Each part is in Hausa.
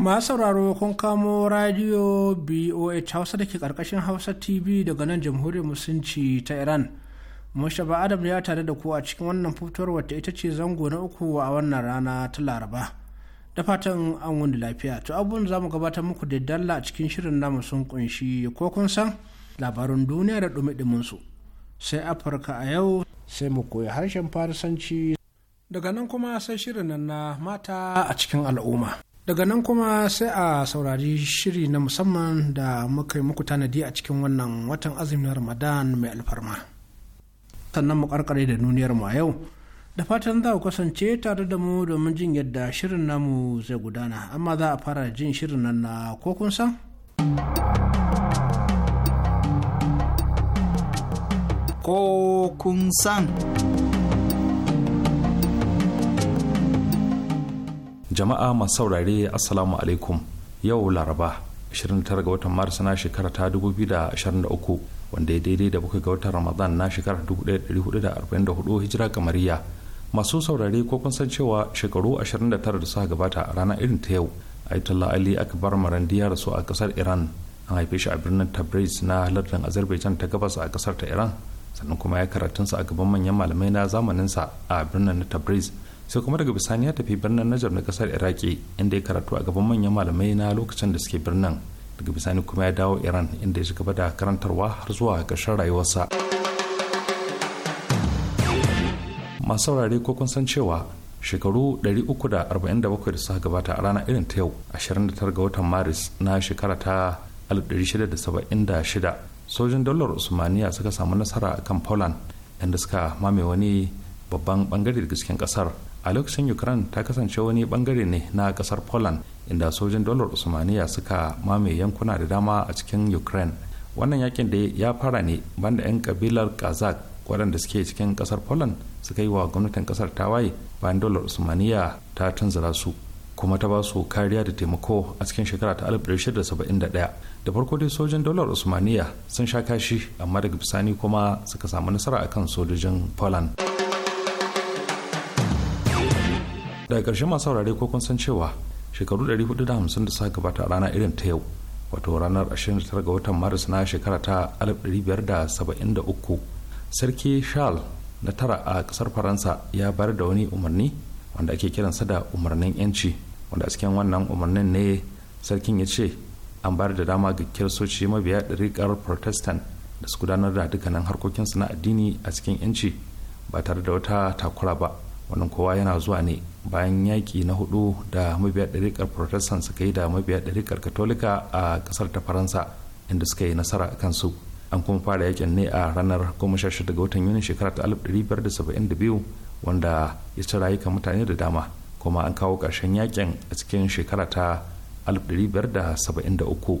masu sauraro kun kamo radio boh hausa da ke karkashin hausa tv daga nan jamhuriyar musulunci ta iran mushaba adam ya tare da ku a cikin wannan fitowar wata ita ce zango na uku a wannan rana ta laraba da fatan an wani lafiya to abun za mu gabatar muku da dalla a cikin shirin namu sun kunshi ko kun san labarin duniya da dumi su sai afirka a yau sai mu koyi harshen farisanci daga nan kuma sai shirin na mata a cikin al'umma daga nan kuma sai a saurari shiri na musamman da muka yi muku tanadi a cikin wannan watan azumin ramadan mai alfarma sannan mu karkare da nuniyar mu a yau da fatan za ku kasance tare da mu domin jin yadda shirin namu zai gudana amma za a fara jin shirin nan na ko kun san ko kun san jama'a masu saurare assalamu alaikum yau laraba 29 ga watan maris na shekara ta 2023 wanda ya daidai da bakwai ga watan ramadan na shekara 1444 hijira kamariya masu saurare ko kun san cewa shekaru 29 da suka gabata a ranar irin ta yau ayatollah ali akbar marandiya rasu a kasar iran an haife shi a birnin tabriz na lardin azerbaijan ta gabas a kasar ta iran sannan kuma ya karatunsa a gaban manyan malamai na zamaninsa a birnin tabriz sai kuma daga bisani ya tafi birnin najar na kasar Iraki inda ya karatu a gaban manyan malamai na lokacin da suke birnin daga bisani kuma ya dawo Iran inda ya ci gaba da karantarwa har zuwa ƙarshen rayuwarsa. Masu saurare ko kun san cewa shekaru 347 da suka gabata a rana irin ta yau 29 ga watan Maris na shekara ta 1676 sojin dalar Usmaniya suka samu nasara a kan Poland inda suka mame wani babban bangare da cikin kasar a lokacin ukraine ta kasance wani bangare ne na kasar poland inda sojin dolar usmaniya suka mamaye yankuna da dama a cikin ukraine wannan yakin da ya fara ne banda 'yan kabilar kazak waɗanda suke cikin kasar poland suka yi wa gwamnatin kasar tawaye bayan dolar usmaniya ta tunzura su kuma ta ba su kariya da taimako a cikin shekara ta 1971 da farko dai sojin dolar usmaniya sun sha kashi amma daga bisani kuma suka samu nasara akan sojojin poland daga ƙarshen masu saurare ko kun san cewa shekaru 450 da suka gabata rana irin ta yau wato ranar 29 ga watan maris na shekara ta 1573 sarki charles na tara a kasar faransa ya bayar da wani umarni wanda ake kiransa da umarnin yanci wanda a cikin wannan umarnin ne sarkin ya ce an bayar da dama ga kirsoci mabiya ɗariƙar protestant da su gudanar da dukkanin harkokinsu na addini a cikin yanci ba tare da wata takura ba wannan kowa yana zuwa ne bayan yaƙi na hudu da mabiya ɗariƙar protestant suka yi da mabiya ɗariƙar katolika a ƙasar ta faransa inda suka yi nasara a kansu an kuma fara yakin ne a ranar 16 ga watan yuni shekara ta 1572 wanda ya ci rayuka mutane da dama kuma an kawo ƙarshen yakin a cikin shekara ta 1573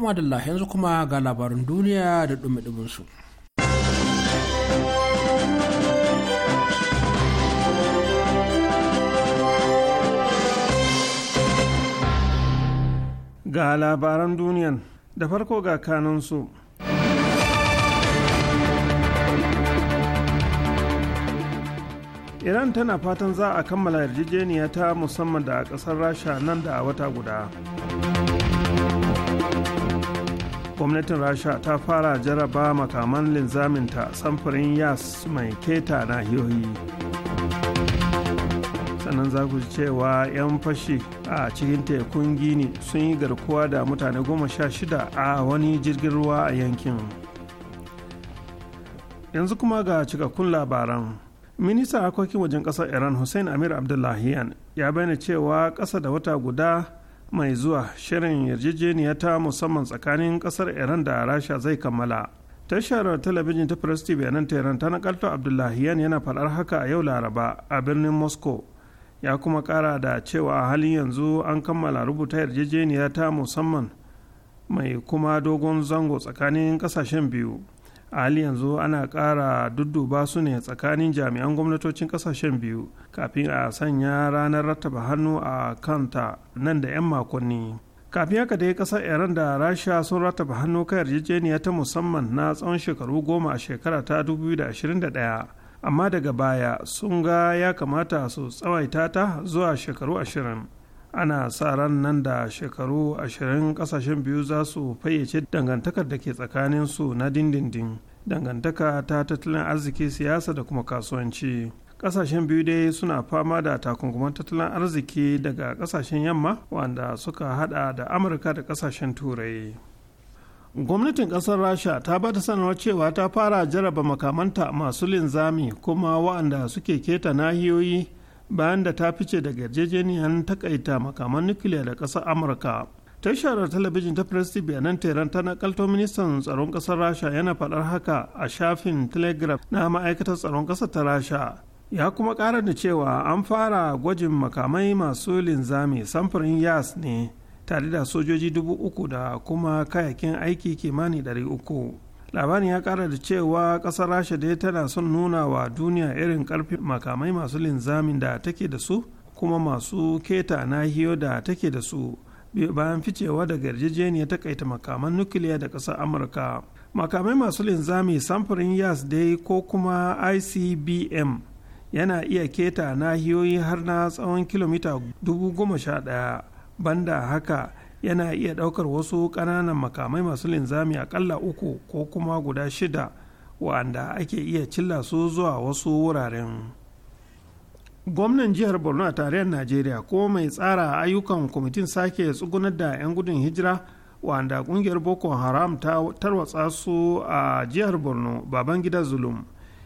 Kuma da yanzu kuma ga labarin duniya da ɗumi su. Ga labaran duniyan da farko ga kanansu. iran tana fatan za a kammala yarjejeniya ta musamman da kasar rasha nan da wata guda gwamnatin rasha ta fara jaraba makaman linzaminta samfurin yas mai keta nahiyoyi sannan za ku cewa 'yan fashi a cikin tekun gini sun yi garkuwa da mutane goma sha shida a wani jirgin ruwa a yankin yanzu kuma ga cikakkun labaran ministan harkokin wajen ƙasar iran hussein amir abdullahiyan ya bayyana cewa ƙasa da wata guda mai zuwa shirin yarjejeniya ta musamman tsakanin kasar iran da rasha zai kammala tashar talabijin ta press tv nan tehran ta nakalto abdullahiyan yana faɗar haka a yau laraba a birnin moscow ya kuma ƙara da cewa a halin yanzu an kammala rubuta yarjejeniya ta musamman mai kuma dogon zango tsakanin ƙasashen biyu a hali yanzu ana ƙara dudduba su ne tsakanin jami'an gwamnatocin ƙasashen biyu kafin a sanya ranar rattaba hannu a kanta nan da 'yan makonni kafin haka dai ƙasar iran da rasha sun rattaba hannu kan yarjejeniya ta musamman na tsawon shekaru goma a shekara ta 2021 amma daga baya sun ga ya kamata su tsawaita ta zuwa shekaru ashirin. ana sa ran nan da shekaru ashirin kasashen biyu za su fayyace dangantakar da ke tsakanin su na dindindin dangantaka ta tattalin arziki siyasa da kuma kasuwanci kasashen biyu dai suna fama da takunkuman tattalin arziki daga kasashen yamma wanda suka hada da amurka da kasashen turai gwamnatin kasar rasha ta ba ta sanarwar cewa ta fara jaraba makamanta masu linzami kuma wa'anda suke keta nahiyoyi bayan da ta fice daga yarjejeniyar takaita makaman nukiliya da ƙasar amurka tashar talabijin ta press tv nan teran ta nakalto ministan tsaron ƙasar rasha yana faɗar haka a shafin telegraph na ma'aikatar tsaron ƙasar ta rasha ya kuma ƙara da cewa an fara gwajin makamai masu linzami samfurin yas ne tare da sojoji dubu uku da kuma kayakin aiki kimanin ɗari uku labarin ya kara da cewa kasar rasha dai tana son nuna wa duniya irin karfi makamai masu linzamin da take da su kuma masu keta nahiyo da take da su bayan ficewa daga yarjejeniyar takaita makaman nukiliya da kasar amurka makamai masu linzami samfurin yas dai ko kuma icbm yana iya keta nahiyoyi har na tsawon kilomita 11,000 banda haka yana iya ɗaukar wasu ƙananan makamai masu linzami aƙalla uku ko kuma guda shida wa'anda ake iya cilla su zuwa wasu wuraren gwamnan jihar borno a tarayyar najeriya ko mai tsara ayyukan kwamitin sake tsugunar da 'yan gudun hijira wanda kungiyar boko haram ta tarwatsa su a jihar borno baban gida zulum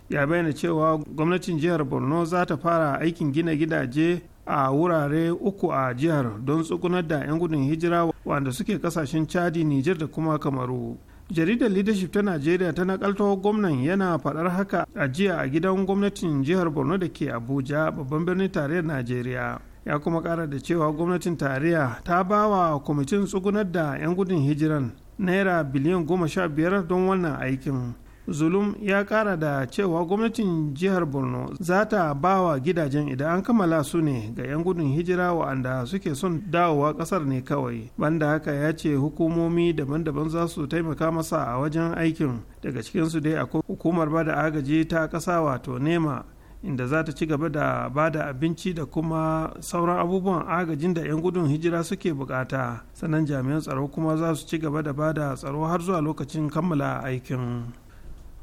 ya bayyana cewa gwamnatin jihar borno za ta fara aikin gina gidaje a wurare uku a jihar don tsugunar da 'yan gudun hijira wanda suke kasashen chadi Nijar da kuma kamaru jaridar leadership ta najeriya ta nakalto gwamnan yana faɗar haka a jiya a gidan gwamnatin jihar borno da ke abuja babban birnin tarayyar najeriya ya kuma kara da cewa gwamnatin tarayya ta ba wa kwamitin tsugunar da 'yan gudun hijiran naira biliyan goma sha biyar don wannan aikin zulum ya kara da cewa gwamnatin jihar borno za ta ba wa gidajen idan an kammala su ne ga 'yan gudun hijira wa'anda suke son dawowa kasar ne kawai banda haka ya ce hukumomi daban-daban za su taimaka masa a wajen aikin daga cikinsu dai akwai hukumar bada agaji ta ƙasa wato nema inda za ta ci gaba da bada abinci da kuma sauran abubuwan agajin da 'yan gudun hijira suke bukata sannan jami'an tsaro kuma za su ci gaba da bada tsaro har zuwa lokacin kammala aikin.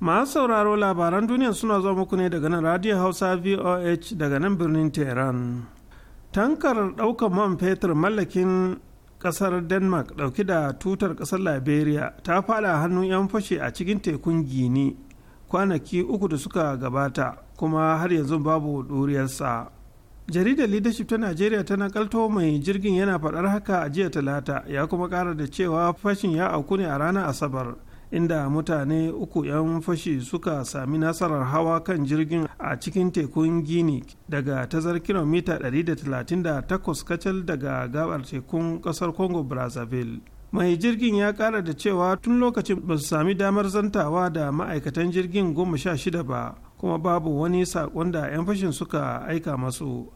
masu sauraro labaran duniya suna zuwa muku ne daga nan radio hausa voh daga nan birnin tehran tankar ɗaukar man fetur mallakin ƙasar denmark ɗauki da tutar ƙasar liberia ta fada hannun 'yan fashe a cikin tekun gini kwanaki uku da suka gabata kuma har yanzu babu ɗuriyarsa jaridar leadership ta najeriya ta nakalto mai jirgin yana faɗar haka a jiya talata ya kuma ƙara da cewa fashin ya auku ne a ranar asabar inda mutane uku 'yan fashi suka sami nasarar hawa kan jirgin a cikin tekun gini daga tazar kilomita 138 kacal daga gabar tekun kasar congo brazzaville mai jirgin ya kara da cewa tun lokacin ba su sami damar zantawa da ma'aikatan jirgin goma sha shida ba kuma babu wani saƙon da 'yan fashin suka aika masu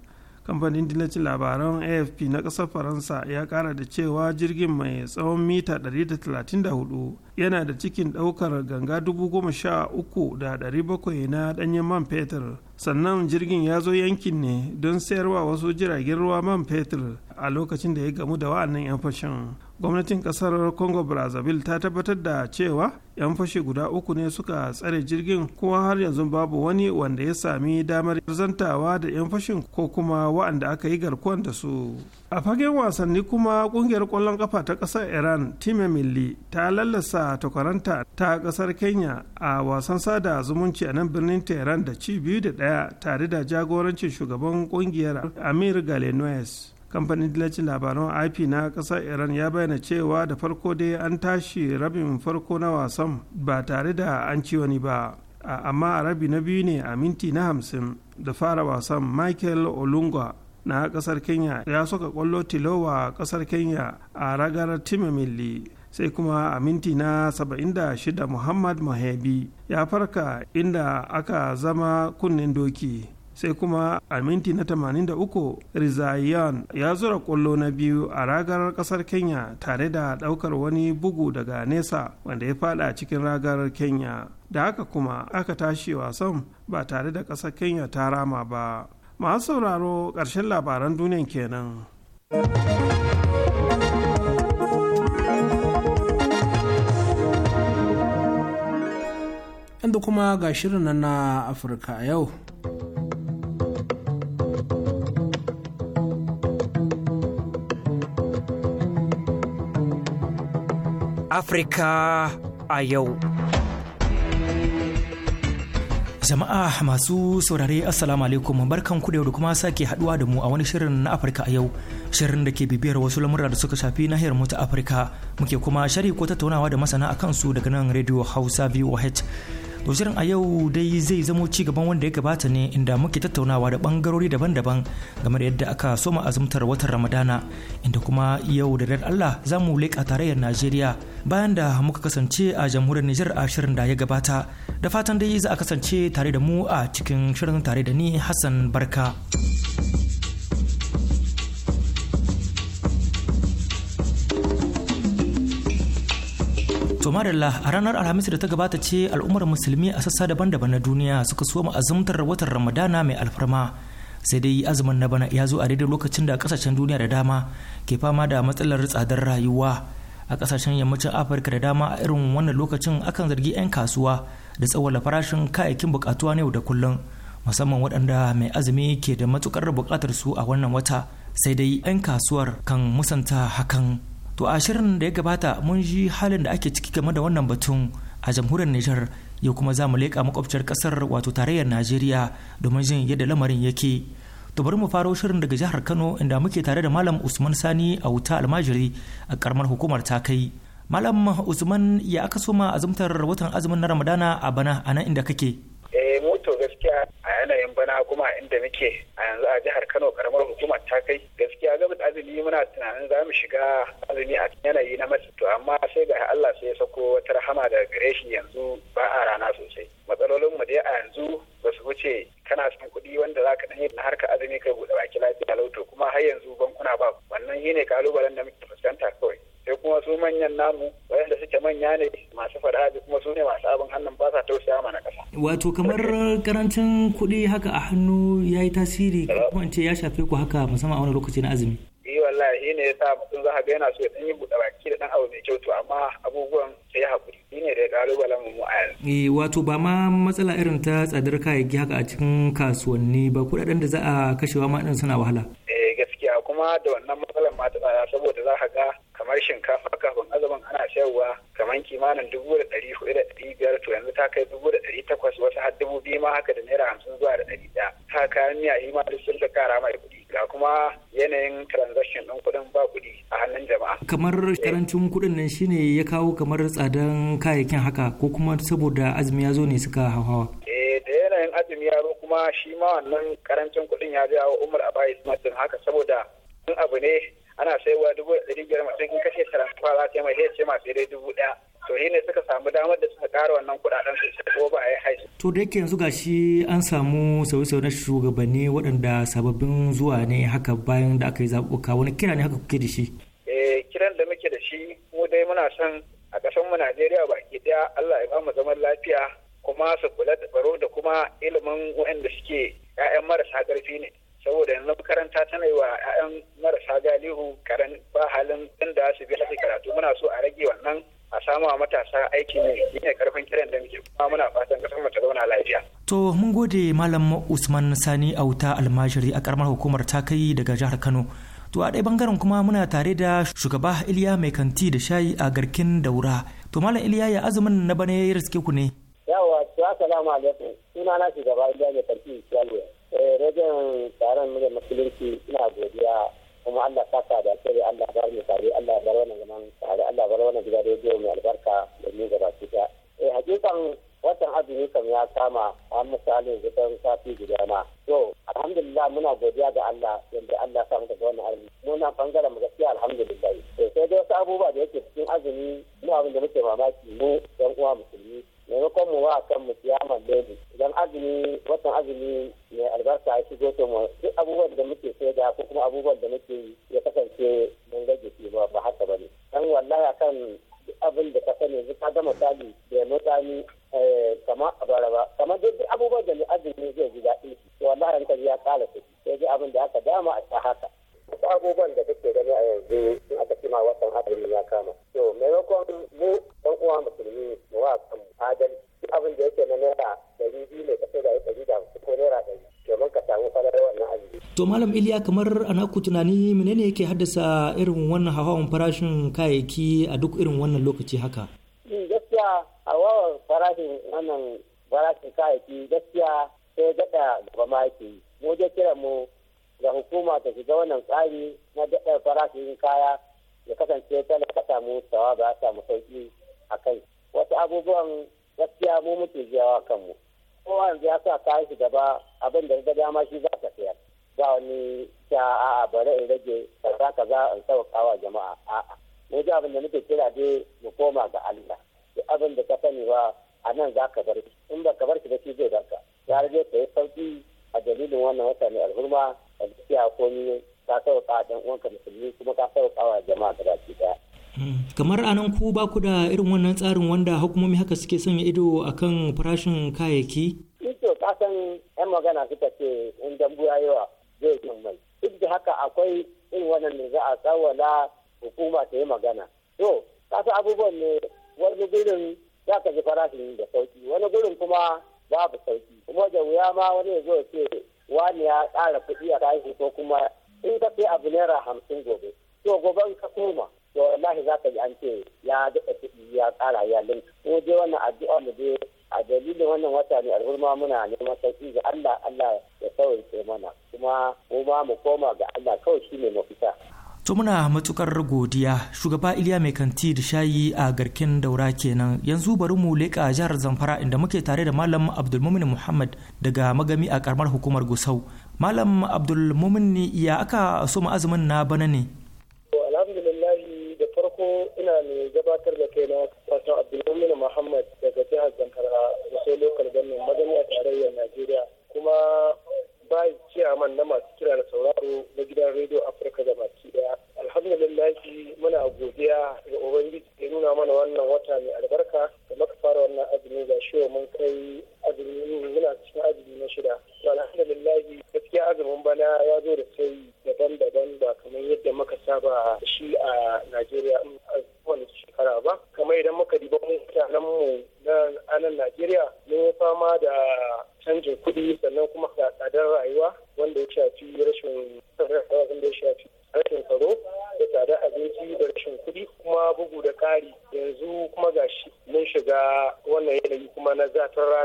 kamfanin dillacin labaran afp na ƙasar faransa ya kara da cewa jirgin mai tsawon mita 134 yana da cikin ɗaukar ganga 13,700 na ɗanyen man fetur sannan jirgin ya zo yankin ne don sayarwa wasu jiragen ruwa man fetur a lokacin da ya gamu da wa'annan 'yan fashin gwamnatin kasar congo brazzaville ta tabbatar da cewa 'yan fashe guda uku ne suka tsare jirgin kuma har yanzu babu wani wanda ya sami damar zantawa da 'yan fashin ko kuma wa'anda aka yi garkuwan da su a fagen wasanni kuma kungiyar kwallon kafa ta kasar iran time milli ta lallasa takwaranta ta kasar kenya a wasan sada zumunci a nan birnin tehran da ci biyu da daya tare da jagorancin shugaban kungiyar amir galenois kamfanin dillacin labaran ip na kasar iran ya bayyana cewa da farko dai an tashi rabin farko na wasan ba tare da an ci wani ba amma a rabi na biyu ne a minti na hamsin da fara wasan michael olunga na kasar kenya ya soka kwallo tilowa kasar kenya a ragar timamilli sai kuma a minti na 76 muhammad mahebi ya farka inda aka zama kunnen doki sai kuma a minti na 83 rizayon ya zura kwallo na biyu a ragar kasar kenya tare da daukar wani bugu daga nesa wanda ya fada cikin ragar kenya da haka kuma aka tashi wasan ba tare da kasar kenya ta rama ba masu sauraro ƙarshen labaran duniyan kenan. yanzu kuma ga shirin na afirka a yau Afirka a yau. Jama'a masu saurare Assalamu alaikum barkan ku da yau da kuma sake haduwa da mu a wani shirin na Afirka a yau. Shirin da ke bibiyar wasu lamurra da suka shafi nahiyar mu ta Afirka muke kuma shari ko tattaunawa da masana akan su daga nan Radio Hausa VOH. To a yau dai zai zamo ci gaban wanda ya gabata ne inda muke tattaunawa da bangarori daban-daban game da yadda aka soma azumtar watan Ramadana inda kuma yau da dar Allah za mu leƙa tarayyar Najeriya bayan da muka kasance a jamhuriyar Nijar a shirin da ya gabata da fatan dai za a kasance tare da mu a cikin shirin tare da ni Hassan Barka. To Marilla a ranar Alhamis da ta gabata ce al'ummar musulmi a sassa daban-daban na duniya suka so azumtar watan Ramadana mai alfarma. Sai dai azumin na bana ya zo a daidai lokacin da kasashen duniya da dama ke fama da matsalar tsadar rayuwa. A kasashen yammacin Afirka da dama a irin wannan lokacin akan zargi 'yan kasuwa da tsawala farashin kayayyakin bukatuwa na yau da kullum musamman waɗanda mai azumi ke da matukar buƙatar su a wannan wata sai dai 'yan kasuwar kan musanta hakan. to a shirin da ya gabata mun ji halin da ake ciki game da wannan batun a jamhuriyar nijar yau kuma za mu leƙa makwabciyar ƙasar wato tarayyar najeriya domin jin yadda lamarin yake to bari mu faro shirin daga jihar kano inda muke tare da malam usman sani a wuta almajiri a karamar hukumar ta kai malam usman ya aka soma azumtar watan azumin na ramadana a bana a nan inda kake eh, mu gaskiya a yanayin bana kuma inda muke a yanzu a jihar Kano karamar hukumar ta kai gaskiya gaba azumi muna tunanin za mu shiga azumi a yanayi na masu amma sai ga Allah sai ya sako wata rahama daga gare shi yanzu ba a rana sosai matsalolin mu dai a yanzu ba su wuce kana son kuɗi wanda za ka na harka azumi kai buɗe baki lafiya lauto kuma har yanzu bankuna ba wannan shine kalubalen da muke fuskanta kawai sai kuma su manyan namu waɗanda suke manya ne masu faraji kuma su ne masu abin hannun ba sa tausaya mana ƙasa. wato kamar karancin kuɗi haka a hannu ya yi tasiri kuma in ce ya shafe ku haka musamman a wani lokaci na azumi. eh wallahi shi ne ya sa mutum za ka ga yana so ya ɗan yi buɗe baki da ɗan abu mai kyau to amma abubuwan sai ya haƙuri shi ne da ya ƙalubalen mu a yanzu. Eh, wato ba ma matsala irin ta tsadar kayayyaki haka a cikin kasuwanni ba kuɗaɗen da za a kashewa ma ɗin suna wahala. eh gaskiya kuma da wannan matsalar ma ta tsada saboda za ka ga kamar shinkafa kafin azumin ana sayarwa kamar kimanin dubu da ɗari hudu da ɗari biyar to yanzu ta kai dubu da ɗari takwas wata har dubu biyu ma haka da naira hamsin zuwa da ɗari ɗaya ta kayan miya yi ma duk sun ta kara mai kuɗi ga kuma yanayin transaction ɗin kuɗin ba kuɗi a hannun jama'a. kamar karancin kuɗin nan shine ya kawo kamar tsadan kayayyakin haka ko kuma saboda azumi ya zo ne suka hauhawa. Eh, da yanayin azumi kuma shi ma wannan karancin kuɗin ya jawo umar a ismail haka saboda in abu ne ana saiwa dubu ɗari biyar masu yankin kashe transfer za ta yi mai hece ma sai dubu ɗaya to shi ne suka samu damar da suka ƙara wannan kuɗaɗen su ko ba a yi haihu. to da yake yanzu gashi an samu sauye-sauye na shugabanni waɗanda sababbin zuwa ne haka bayan da aka yi zaɓuɓɓuka wani kira ne haka kuke da shi. eh kiran da muke da shi mu dai muna son a mu najeriya baki ɗaya allah ya bamu zaman lafiya kuma su kula da tsaro da kuma ilimin waɗanda suke 'ya'yan marasa ƙarfi ne saboda yanzu makaranta tana yi wa 'ya'yan marasa galihu karan ba halin inda su bi su karatu muna so a rage wannan a samu a matasa aiki ne ne karfin kiran da muke kuma muna fatan kasar mu ta zauna lafiya. To mun gode malam Usman Sani a wuta almajiri a karamar hukumar ta kai daga jihar Kano. To a ɗaya bangaren kuma muna tare da shugaba Iliya mai kanti da shayi a garkin daura. To malam Iliya ya azumin na bane ya riske ku ne. Yawa, assalamu alaikum. Suna na shugaba Iliya mai kanti da shayi. rajin eh, taron da musulunci ina godiya kuma Allah ta sa da alkhairi Allah bar mu tare Allah bar wannan zaman tare Allah bar wannan gida rediyo mai albarka da mu gaba ki ta eh hakikan watan azumi kam ya kama a misali zuban safi guda ma to alhamdulillah muna godiya ga Allah yanda Allah ya samu daga wannan arziki mu bangaren mu gaskiya alhamdulillah to sai dai wasu abubuwa da yake cikin azumi mu abin da muke mamaki mu dan uwa mu kan mu wa kan mu kiyamar lodi idan azumi watan azumi mai albarka ya shigo to mu duk abubuwan da muke sai da ko kuma abubuwan da muke ya kasance mun gaje shi ba ba haka bane dan wallahi akan duk abin da ka sani yanzu ka gama misali da mutane eh, kamar ba kamar duk abubuwan da mai azumi zai ji daɗi to wallahi ka ji ya kala su sai ji abin da aka dama a ta haka abubuwan da kake gani a yanzu in aka cima watan azumi ya kama to maimakon mu ɗan uwa musulmi mu wa kan adalci abin da yake na naira ɗari biyu ne ka da ɗari da ko naira ɗari domin ka samu falar wannan azumi. to malam iliya kamar ana ku tunani menene yake haddasa irin wannan hawan farashin kayayyaki a duk irin wannan lokaci haka. gaskiya hawan farashin wannan farashin kayayyaki gaskiya sai daɗa gaba ma yake yi mu je kiran mu ga hukuma ta shiga wannan tsari na daɗar farashin kaya ya kasance tana ka samu sawa ba samu sauƙi a kai wasu abubuwan gaskiya mu muke jiyawa kanmu kowa yanzu ya sa kayan shi gaba abin da dama shi za ka sayar ba wani sha a bari in rage ka za in wa jama'a a'a mu ji abin da muke kira dai mu koma ga Allah duk abin da ka sani ba a nan za ka bar shi. in ba ka bar shi ba shi zai barka ya rage ka yi sauƙi a dalilin wannan wata mai alhurma a gaskiya komi ka sauka dan uwanka musulmi kuma ka sauka wa jama'a gaba ki daya hmm. kamar a nan ku ba ku da irin wannan tsarin wanda hukumomi haka suke sanya ido akan farashin kayayyaki to ka san yan magana suka ce in dambu yawa zai yi mai duk da haka akwai irin wannan da za a tsawala hukuma ta yi magana to ka san abubuwan ne wani gurin za ka ji farashin da sauki wani gurin kuma babu sauki kuma da wuya ma wani ya zo ya ce wani ya ƙara kuɗi a tashi ko kuma in ka sai abu naira hamsin gobe to gobe in ka koma to wallahi za ka ji an ce ya daɗa kuɗi ya ƙara ya lin ko je wannan addu'a mu je a dalilin wannan wata ne alhurma muna neman sauki ga Allah Allah ya sauke mana kuma mu ma mu koma ga Allah kawai shi ne mafita. To muna matukar godiya shugaba Iliya mai kanti da shayi a garkin daura kenan yanzu bari mu leƙa jihar Zamfara inda muke tare da Malam Abdulmumin Muhammad daga magami a karamar hukumar Gusau. Malam Abdulmumin ya aka so mu azumin na bana ne. alhamdulillahi da farko ina mai gabatar da kaina wato Abdulmumin Muhammad daga jihar Zamfara Gusau lokal gamin magami a tarayyar Najeriya kuma ba ciyaman na masu kira da sauraro na gidan rediyo Afirka gabaki. alhamdulillahi muna godiya ga ubangiji ya nuna mana wannan wata mai albarka da muka fara wannan azumi ga shi mun kai azumi muna cikin azumi na shida to alhamdulillahi gaskiya azumin bana ya zo da sai daban-daban ba kamar yadda muka saba shi a najeriya wani shekara ba kamar idan muka diba mutanen mu na anan najeriya mun fama da canjin kuɗi sannan kuma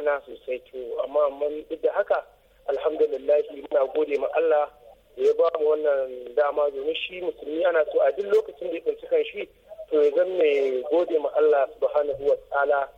rana sosai to amma mun duk da haka alhamdulillah muna gode ma Allah da ya ba mu wannan dama domin shi musulmi ana so a duk lokacin da ya ɗauki kan shi to ya zan mai gode ma Allah subhanahu wa ta'ala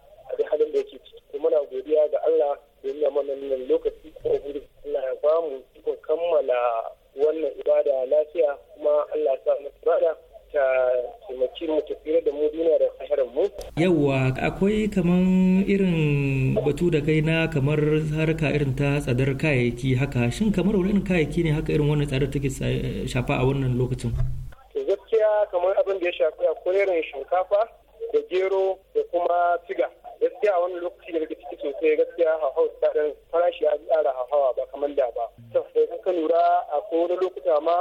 yawwa akwai kaman irin batu da kai na kamar harka irin ta tsadar kayayyaki haka shin kamar wani irin kayayyaki ne haka irin wannan tsadar take eh, shafa a wannan lokacin gaskiya kamar abin da ya shafi akwai irin shinkafa da gero da kuma siga gaskiya a wani lokaci da daga ciki sosai gaskiya hauhau tsadan farashi ya tsara hauhawa ba kamar da ba sai ka lura a kowane lokuta ma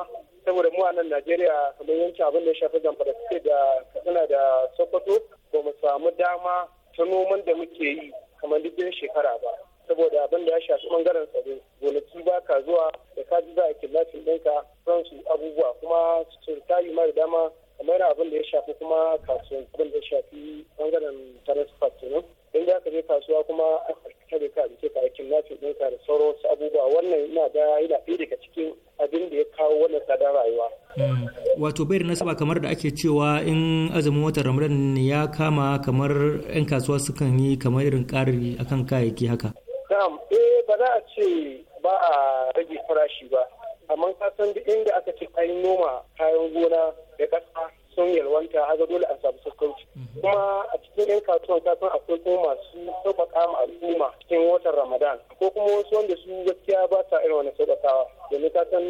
saboda mu a nan najeriya kamar yanci abin da ya shafi zamfara suke da katsina da sokoto ba mu samu dama ta noman da muke yi kamar duk shekara ba saboda abin da ya shafi bangaren tsaro gonaki ba ka zuwa da ka ji za a killacin ɗinka su abubuwa kuma su tayi mara da dama kamar abin da ya shafi kuma kasuwan abin da ya shafi bangaren transport kenan in da aka je kasuwa kuma aka da ka da ka aikin ɗinka da sauran wasu abubuwa wannan yana da yana ɗaya daga cikin abin da ya kawo wannan tsada rayuwa. Mm. wato bai da nasaba kamar da ake cewa in azumin watan ramadan ya kama kamar 'yan kasuwa sukan yi kamar irin ƙari akan kayayyaki haka. na'am eh ba za a ce ba a rage farashi ba amma ka san duk inda aka ce kayan noma kayan gona da ƙasa sun yalwanta a ga dole a samu mhm. kuma a cikin yan kasuwan ta san akwai kuma masu sauƙaƙa ma al'umma cikin watan ramadan ko kuma wasu wanda su gaskiya ba sa irin wani sauƙaƙawa domin ta san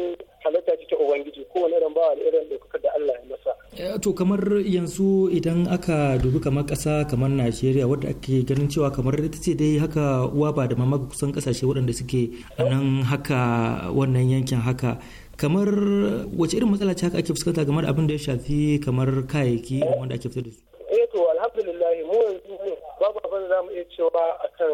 halatta ce ta ubangiji kowane irin bawa da irin ɗaukakar da allah ya masa. Eh, to kamar yanzu idan aka dubi kamar ƙasa kamar najeriya wadda ake ganin cewa kamar ita ce dai haka uwa ba da mamaka kusan ƙasashe waɗanda suke a nan haka wannan yankin haka kamar wace irin matsala ce haka ake fuskanta game da abin da ya shafi kamar kayayyaki wanda ake fitar da su eh to alhamdulillah mu yanzu babu abin za mu iya cewa akan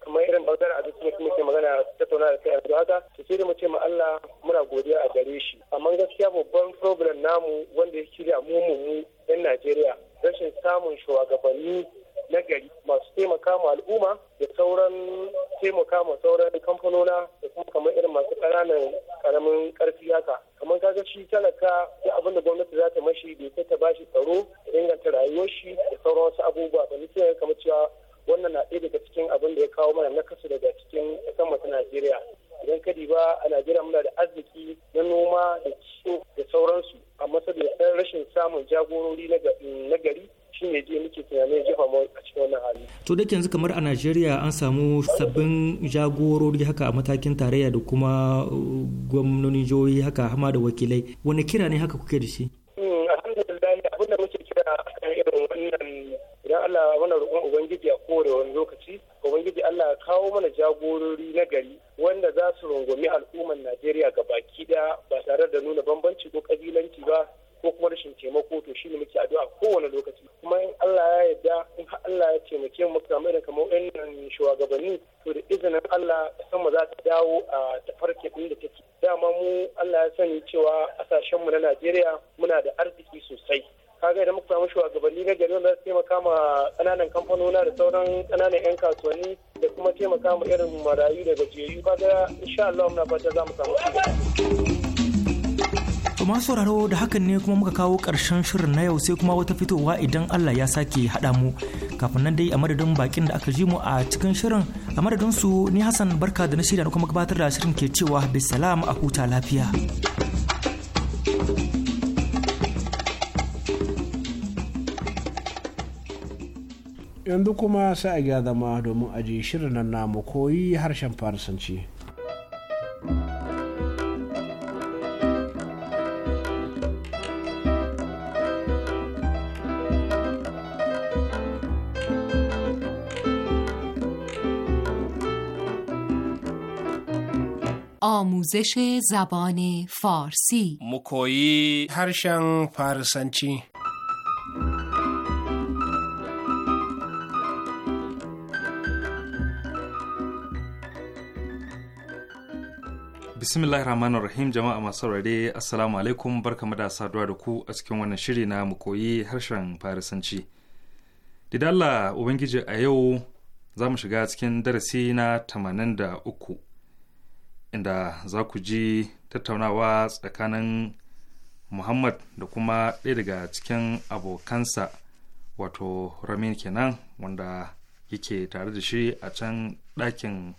kamar irin bangaren abinci ne kuma ke magana tattauna da kai a haka to sai mu ce ma Allah muna godiya a gare shi amma gaskiya babban problem namu wanda ya da mu mu yan Najeriya rashin samun shugabanni na gari masu taimaka ma al'umma da sauran taimaka ma sauran kamfanona da kuma kamar irin masu ƙananan ƙaramin ƙarfi haka kamar kaga shi talaka da abin da gwamnati za ta mashi bai kai ta bashi tsaro inganta rayuwar shi da sauran wasu abubuwa ba nufin kamar cewa wannan na ɗaya daga cikin abin da ya kawo mana nakasu daga cikin ƙasar mu Najeriya idan kadi ba a Najeriya muna da arziki na noma da kiwo da sauransu amma saboda rashin samun jagorori na gari shi ne je muke tunanin jefa mu a cikin wannan hali to da yanzu kamar a Najeriya an samu sabbin jagorori haka a matakin tarayya da kuma uh, gwamnonin jihohi haka hama da wakilai wani kira ne haka kuke da shi hmm, alhamdulillah abinda muke kira kan irin wannan idan Allah mana roƙon ubangiji a kowane wani lokaci ubangiji Allah kawo mana jagorori na gari wanda za su rungumi al'ummar Najeriya ga baki ɗaya ba tare da nuna bambanci ko kabilanci ba ko kuma rashin taimako to shi ne muke addu'a kowane lokaci kuma in Allah ya yarda in Allah ya taimake mu kamar da kamar wayannan shugabanni to da izinin Allah san mu za ta dawo a tafarki din da take dama mu Allah ya sani cewa asashen mu na Najeriya muna da arziki sosai kaga idan muka samu shugabanni na gari wanda su taimaka ma kananan kamfanona da sauran kananan 'yan kasuwanni da kuma taimaka mu irin marayu da gajiyayyu kaga insha Allah muna fata za mu samu masu sauraro da hakan ne kuma muka kawo ƙarshen shirin na yau sai kuma wata fitowa idan Allah ya sake haɗa mu kafin nan dai a madadin bakin da aka ji mu a cikin shirin a madadin su ni Hassan barka da na shirya na kuma gabatar da shirin ke cewa bisalam a huta lafiya. yanzu kuma sai a gyada ma domin aji shirin nan namu koyi harshen farisanci. آموزش زبان فارسی mukoyi harshen فارسنچی bismillahir rahman rahim jama'a masu asalamu assalamu alaikum barkamu da saduwa da ku a cikin wannan shiri na mu koyi harshen farisanci didalla ubangiji a yau za mu shiga cikin darasi na tamanin da uku. inda za ku ji tattaunawa tsakanin muhammad da kuma ɗaya daga cikin abokansa wato ramin kenan wanda yake tare da shi a can ɗakin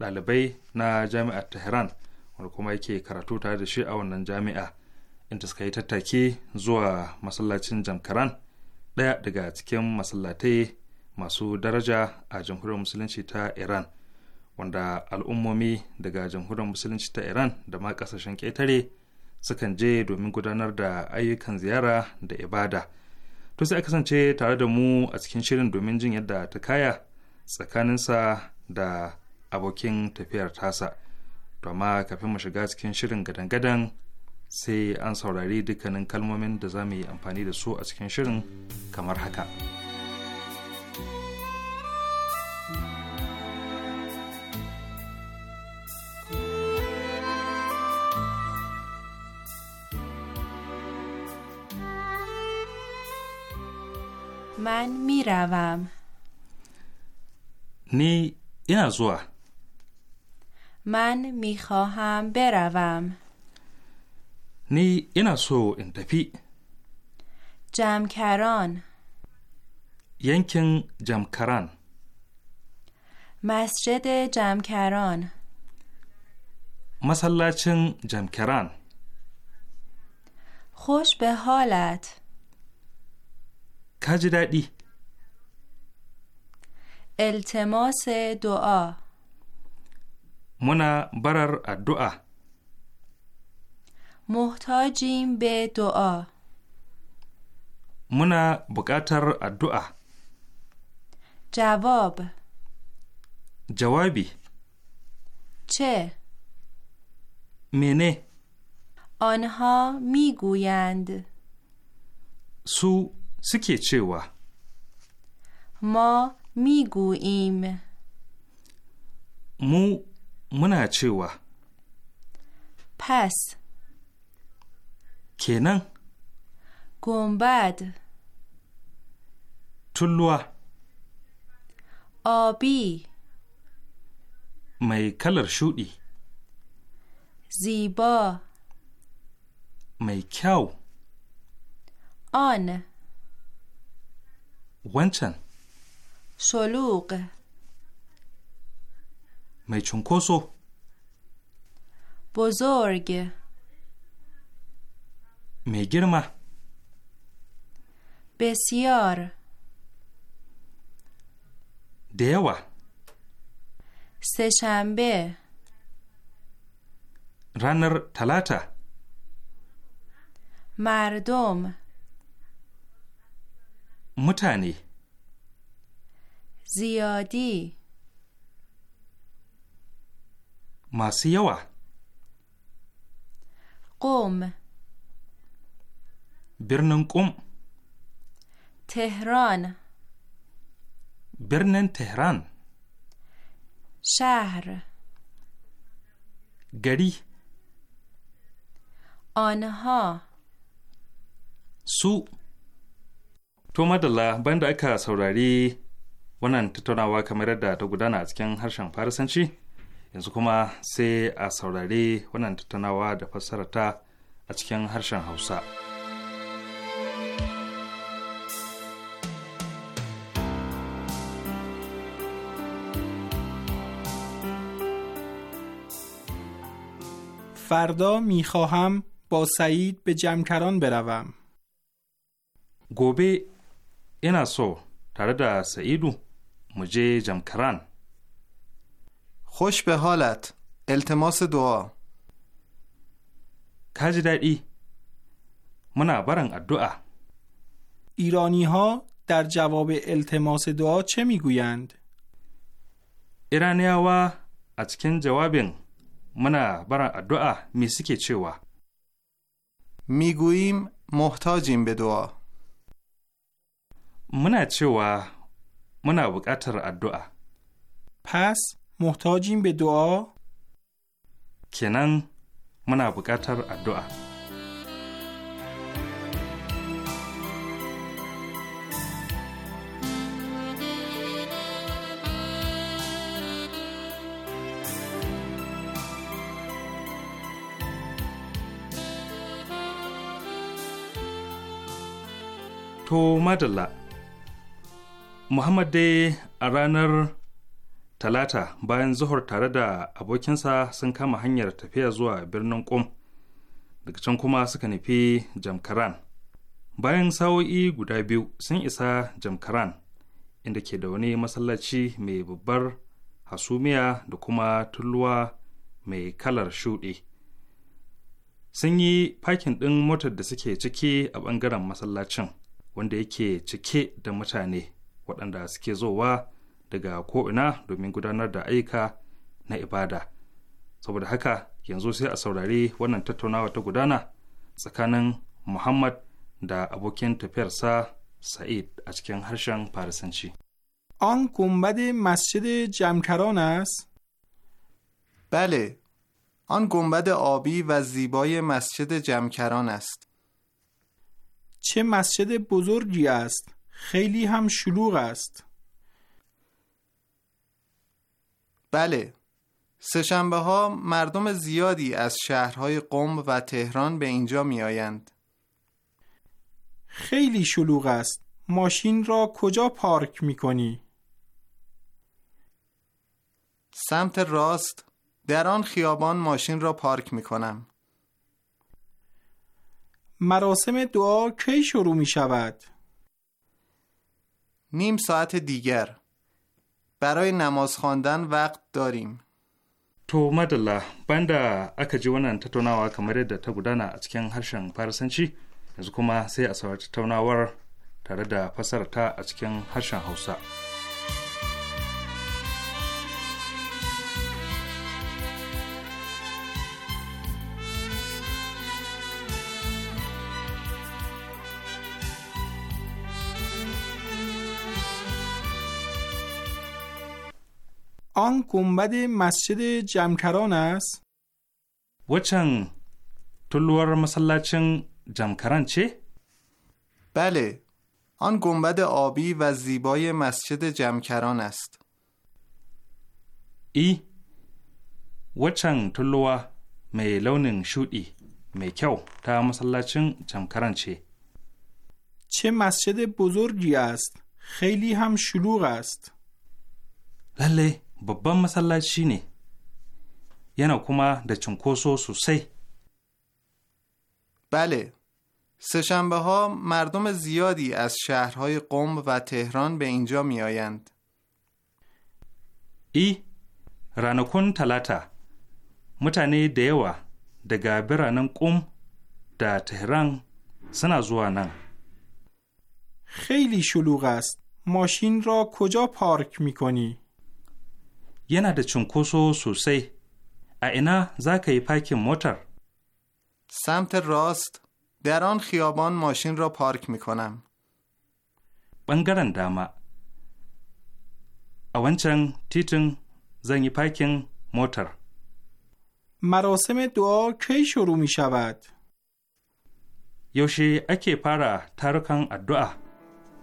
ɗalibai na jami'ar tehran wanda kuma yake karatu tare da shi a wannan jami'a inda suka yi tattaki zuwa masallacin jamkaran ɗaya daga cikin masallatai masu daraja a jamhuriyar musulunci ta iran wanda al'ummomi daga jamhuriyar musulunci ta iran da ma kasashen ƙetare sukan je domin gudanar da ayyukan ziyara da ibada to sai a kasance tare da mu a cikin shirin domin jin yadda ta kaya tsakaninsa da abokin tafiyar tasa to amma kafin mu shiga cikin shirin gadan-gadan sai an saurari dukkanin kalmomin da za mu yi amfani da su a cikin shirin kamar haka. من میروم نی اینا زوا من میخواهم بروم نی اینا سو این تفی جمکران ینکن جمکران مسجد جمکران مسلاچن جمکران خوش به حالت ka ji daɗi. Eltemose du'a Muna barar addu’a. Muhtajin be du'a. Muna buƙatar addu’a. Jawab. Jawabi. Ce. Mene. آنها میگویند سو suke cewa Ma mi guim. Mu muna cewa Pass Kenan Gombad Tulluwa Obi Mai kalar shuɗi Ziba Mai kyau On. ونچن شلوغ میچون کوسو بزرگ میگیرم بسیار دیوا سهشنبه رنر تلاتا مردم mutane ziyadi masu yawa ƙum birnin ƙum tehran birnin tehran shahar gari آنها su so To madalla bayan da aka saurari wannan tattaunawa kamar yadda ta gudana a cikin harshen Farisanci yanzu kuma sai a saurari wannan tattaunawa da fassarata a cikin harshen Hausa. فردا میخواهم با سعید به جمکران بروم. گوبه ina so tare da sa'idu mu je jamkaran خوش به حالت التماس دعا در دادی منه barin addu'a. ایرانی ها در جواب التماس دعا چه میگویند؟ ایرانی ها از کن جوابین منا می الدعا میسکه چوا میگوییم محتاجیم به دعا muna cewa muna buƙatar addu’a. Pas muhtajin be du'a? Kenan muna buƙatar addu’a. To, Madalla. muhammad dai a ranar talata bayan zuhur tare da abokinsa sun kama hanyar tafiya zuwa birnin ƙum daga can kuma suka nufi jamkaran bayan sa'o'i guda biyu sun isa jamkaran inda ke da wani masallaci mai babbar hasumiya da kuma tulluwa mai kalar shuɗe sun yi fakin ɗin motar da suke ciki a ɓangaren masallacin wanda yake cike da mutane waɗanda suke zowa daga ko'ina domin gudanar da aika na ibada saboda haka yanzu sai a saurari wannan tattaunawa ta gudana tsakanin muhammad da abokin tafiyarsa sa'id a cikin harshen farisanci an gumbadi masjid جمکران است؟ an آن abi wa zibai زیبای مسجد جمکران است چه مسجد خیلی هم شلوغ است. بله. سهشنبه ها مردم زیادی از شهرهای قم و تهران به اینجا می آیند. خیلی شلوغ است. ماشین را کجا پارک می کنی؟ سمت راست در آن خیابان ماشین را پارک می کنم. مراسم دعا کی شروع می شود؟ نیم ساعت دیگر برای نماز خواندن وقت داریم To madalla banda aka ji wannan tattaunawa kamar yadda ta gudana a cikin harshen Farisanci yanzu kuma sai a saurari tattaunawar tare da fasarta a cikin harshen Hausa. آن گنبد مسجد جمکران است؟ وچن تلوار مسلاچن جمکران چه؟ بله آن گنبد آبی و زیبای مسجد جمکران است ای وچن تلوار می لونین شودی می کیو تا مسلاچن جمکران چه؟ چه مسجد بزرگی است خیلی هم شلوغ است لله babban masallaci ne yana kuma da cunkoso sosai بله سهشنبه ها مردم زیادی از شهرهای قم و تهران به اینجا می آیند. ای رانکون تلاتا متنی دیوا دگا برانن قم دا تهران سنا زوانا. خیلی شلوغ است ماشین را کجا پارک می کنی؟ yana da cunkoso sosai. A ina za ka yi fakin motar? سمت راست در آن خیابان ماشین را پارک می کنم. بنگرن داما اوانچن تیتن زنی پاکین موتر مراسم دعا کی شروع می شود؟ یوشی اکی پارا تارکان الدعا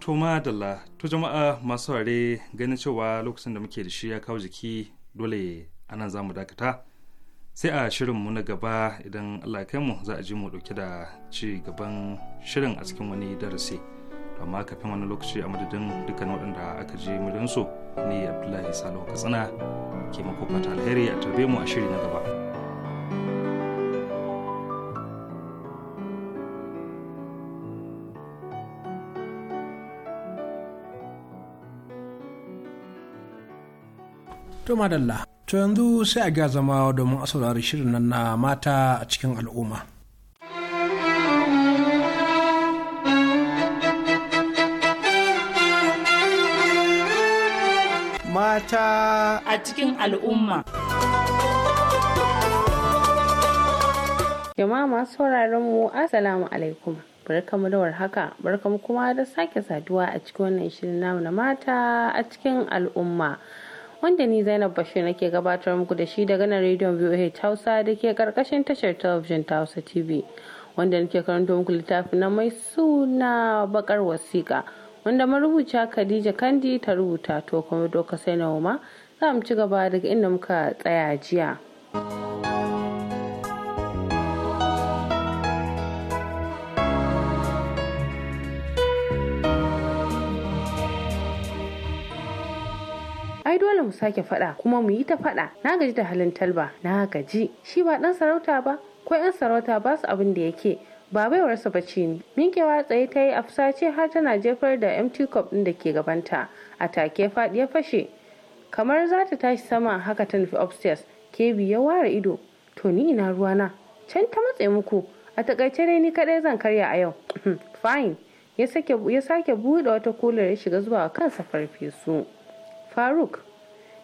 To madalla, to jama'a masu ware ganin cewa lokacin da muke da shi ya kawo jiki dole anan za mu dakata. Sai a shirinmu na gaba idan Allah kai mu za a ji mu dauke da ci gaban shirin a cikin wani darasi. Amma kafin wani lokaci a madadin dukkan waɗanda aka je murinsu ne Abdullahi Salihu Katsina ke mako fata alheri a tarbe mu a shiri na gaba. To madalla, to yanzu sai a ga zama domin a saurari shirin nan na mata a cikin al'umma. Mata a cikin al'umma. Jama'a masu sauraron mu, Assalamu alaikum. barkamu da warhaka barkamu kuma da sake saduwa a cikin wannan shirin namu na mata a cikin al'umma wanda ni Zainab Bashir nake gabatar muku da shi daga nan rediyon VOH Hausa da ke karkashin tashar talabijin ta Hausa TV wanda nake karanto muku littafi na mai suna bakar wasiƙa wanda marubuciya Khadija Kandi ta rubuta to kuma doka sai na za mu ci gaba daga inda muka tsaya jiya. dole mu sake faɗa kuma mu yi ta faɗa na gaji da halin talba na gaji shi ba ɗan sarauta ba ko 'yan sarauta ba su abin da yake ba baiwarsa bacci ne minkewa tsaye ta yi afsace har tana jefar da mt cup ɗin da ke gabanta a take faɗi ya fashe kamar za ta tashi sama haka ta nufi upstairs kebi ya ware ido to ni ina ruwa na? can ta matse muku a takaice dai ni kadai zan karya a yau uhm, fine ya sake buɗe wata kular ya shiga zuwa kansa farfesu faruk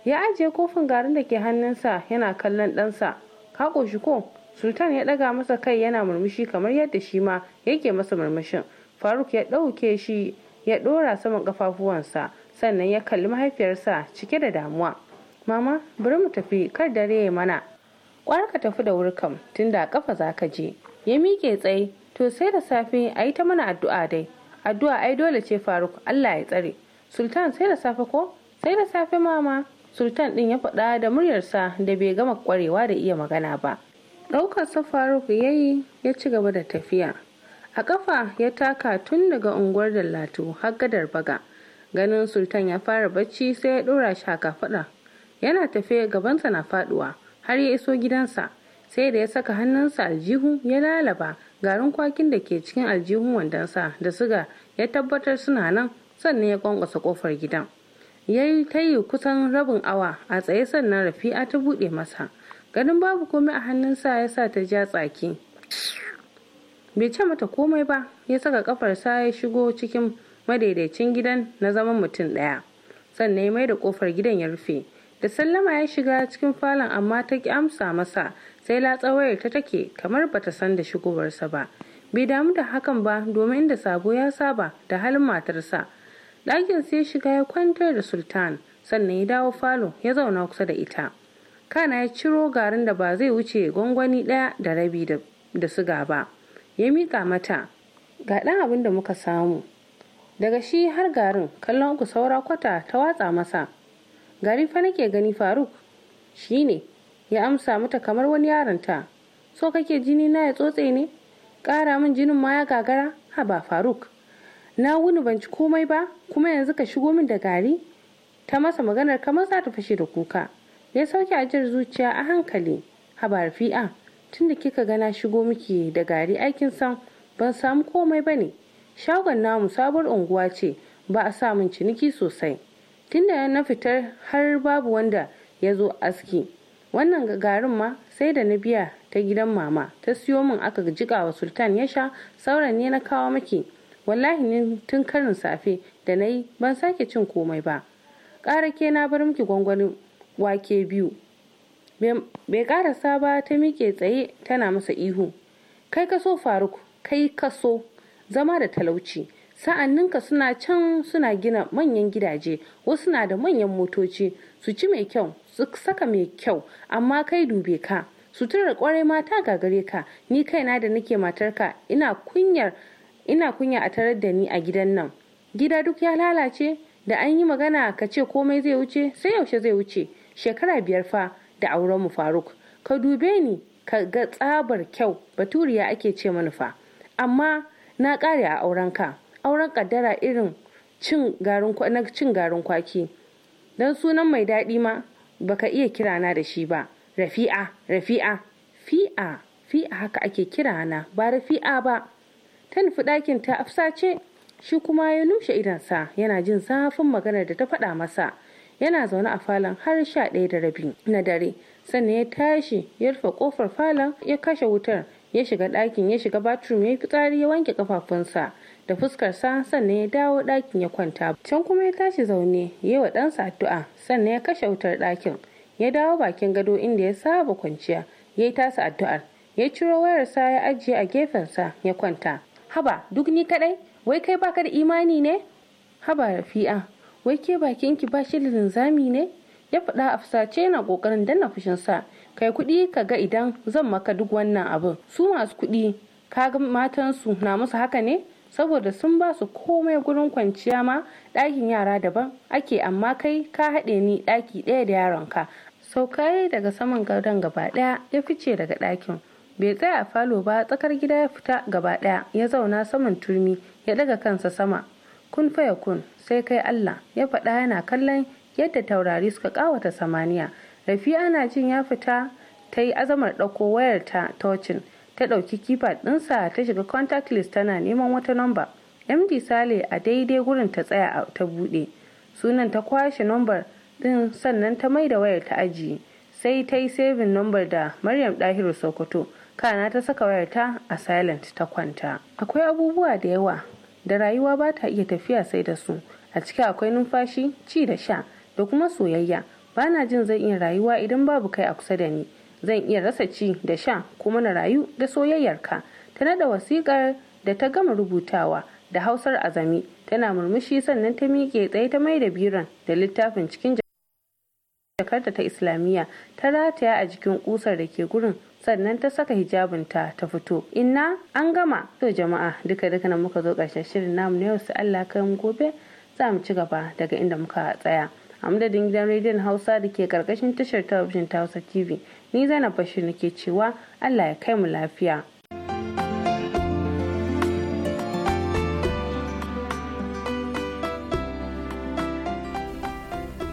ya ajiye kofin garin da ke hannunsa yana kallon ɗansa ka ƙoshi ko sultan ya ɗaga masa kai yana murmushi kamar yadda shi ma yake masa murmushin faruk ya ɗauke shi ya ɗora saman ƙafafuwansa sannan ya kalli mahaifiyarsa cike da damuwa mama bari mu tafi kar dare ya mana kwar ka tafi da wuri kam tunda a ƙafa za ka je ya miƙe tsaye to sai da safe a yi ta mana addu'a dai addu'a ai dole ce faruk allah ya tsare sultan sai da safe ko sai da safe mama sultan din ya faɗa da muryarsa da bai gama kwarewa da iya magana ba ɗaukar safaruk ya yi ya ci gaba da tafiya a ƙafa ya taka tun daga unguwar dallatu har gadar baga ganin sultan ya fara bacci sai ya ɗora shi a kafaɗa yana tafe gabansa na faɗuwa har ya iso gidansa sai da ya saka hannunsa aljihu ya lalaba garin kwakin da ke cikin aljihun wandonsa da suga ya tabbatar suna nan sannan ya kwankwasa kofar gidan ya yi tayi kusan rabin awa a tsaye sannan rafi'a ta buɗe masa ganin babu komai a hannunsa ya sa ta ja tsaki bai ce mata komai ba ya saka kafarsa ya shigo cikin madaidaicin gidan na zaman mutum ɗaya sannan ya da kofar gidan ya rufe da sallama ya shiga cikin falon amma ta ki amsa masa sai latsa latsawayar ta take kamar bata san da shigowarsa ba bai damu da hakan ba domin da sabo ya saba da halin matarsa ɗakin sai shiga ya kwantar da sultan sannan ya dawo falo ya zauna kusa da ita kana ya ciro garin da ba zai wuce gwangwani ɗaya da rabi da suga ba ya miƙa mata ga ɗan abin da muka samu daga shi har garin kallon ku saura kwata ta watsa masa gari fa nake gani faruk Shi ne. ya amsa mata kamar wani yaronta so kake jini na ya tsotse ne ƙara min jinin ma ya gagara Haba, faruk na wuni ban ci komai ba kuma yanzu ka shigo min da gari ta masa maganar kamar za ta fashe da kuka ya sauke ajiyar zuciya a hankali haba rafi'a tunda kika gana shigo miki da gari aikin san ban samu komai ba ne shagon namu sabuwar unguwa ce ba a samun ciniki sosai tunda na fitar har babu wanda ya zo aski wannan garin ma sai da na biya ta gidan mama ta siyo min aka jiƙa wa sultan ya sha sauran ne na kawo maki wallahi ne tun karin safe da na yi ban sake cin komai ba ƙara ke na bar miki gwangwani wake biyu bai ƙarasa ba ta miƙe tsaye tana masa ihu kai kaso faruk kai kaso zama da talauci sa'anninka suna can suna gina manyan gidaje wasu na da manyan motoci su ci mai kyau su saka mai kyau amma kai dube ka suturar kwarai mata gagare ka ni kaina da nake matarka ina kunyar ina kunya a tarar da ni a gidan nan gida duk ya lalace da an yi magana ka ce komai zai wuce sai yaushe zai wuce shekara biyar fa da auren mu faruk ka dube ni ka ga tsabar kyau baturiya ake ce manufa amma na kare a auren ka auren kaddara irin cin garin na cin garin kwaki dan sunan mai daɗi ma baka iya kirana da shi ba rafi'a rafi'a fi'a fi'a haka ake kira na ba rafi'a ba ta nufi ɗakin ta ce shi kuma ya lumshe idansa yana jin zafin maganar da ta faɗa masa yana zaune a falon har sha ɗaya da rabi na dare sannan ya tashi ya rufe kofar falon ya kashe wutar ya shiga ɗakin ya shiga bathroom ya yi fitsari ya wanke kafafunsa da fuskarsa sannan ya dawo ɗakin ya kwanta can kuma ya tashi zaune ya yi wa ɗansa addu'a sannan ya kashe wutar ɗakin ya dawo bakin gado inda ya saba kwanciya ya yi tasa addu'ar ya ciro wayarsa ya ajiye a gefensa ya kwanta haba duk ni kadai wai kai baka da imani ne haba rafi'a wai ke bakin ki ba shi da linzami ne ya faɗa afsace fusace yana kokarin danna fushin sa kai kuɗi ka ga idan zan maka duk wannan abin su masu kuɗi kaga matansu na musu haka ne saboda sun ba su komai gurin kwanciya ma ɗakin yara daban ake amma kai ka haɗe ni ɗaki ɗaya da yaronka kai daga saman gadon gaba ɗaya ya fice daga ɗakin bai tsaya a falo ba tsakar gida ya fita gaba daya ya zauna saman turmi ya daga kansa sama kun faya kun sai kai allah ya faɗa yana kallon yadda taurari suka kawata samaniya rafi ana jin ya fita ta yi azamar ɗauko wayar ta tocin ta ɗauki kifa ɗinsa ta shiga contact list tana neman wata nomba md sale a daidai gurin ta tsaya ta buɗe sunan ta kwashe nombar ɗin sannan ta mai da wayar ta ajiye sai ta yi saving nambar da maryam dahiru sokoto kana ta saka wayarta a silent ta kwanta akwai abubuwa da yawa da rayuwa ba ta iya tafiya sai da su a ciki akwai numfashi ci da sha da kuma soyayya ba na jin zan iya rayuwa idan babu kai a kusa da ni zan iya rasa ci da sha kuma na rayu da soyayyarka ta nada wasiƙar da ta gama rubutawa da hausar azami tana murmushi sannan ta miƙe tsaye ta mai da biran da littafin cikin jakarta ta islamiyya ta rataya a jikin kusar da ke gurin sannan ta saka hijabinta ta ta fito inna an gama to jama'a duka duka nan muka zo ƙarshen shirin namu na yau sai Allah kai mu gobe za mu ci gaba daga inda muka tsaya a madadin gidan rediyon hausa da ke karkashin tashar talabijin ta hausa tv ni zainab bashir nake cewa Allah ya kai mu lafiya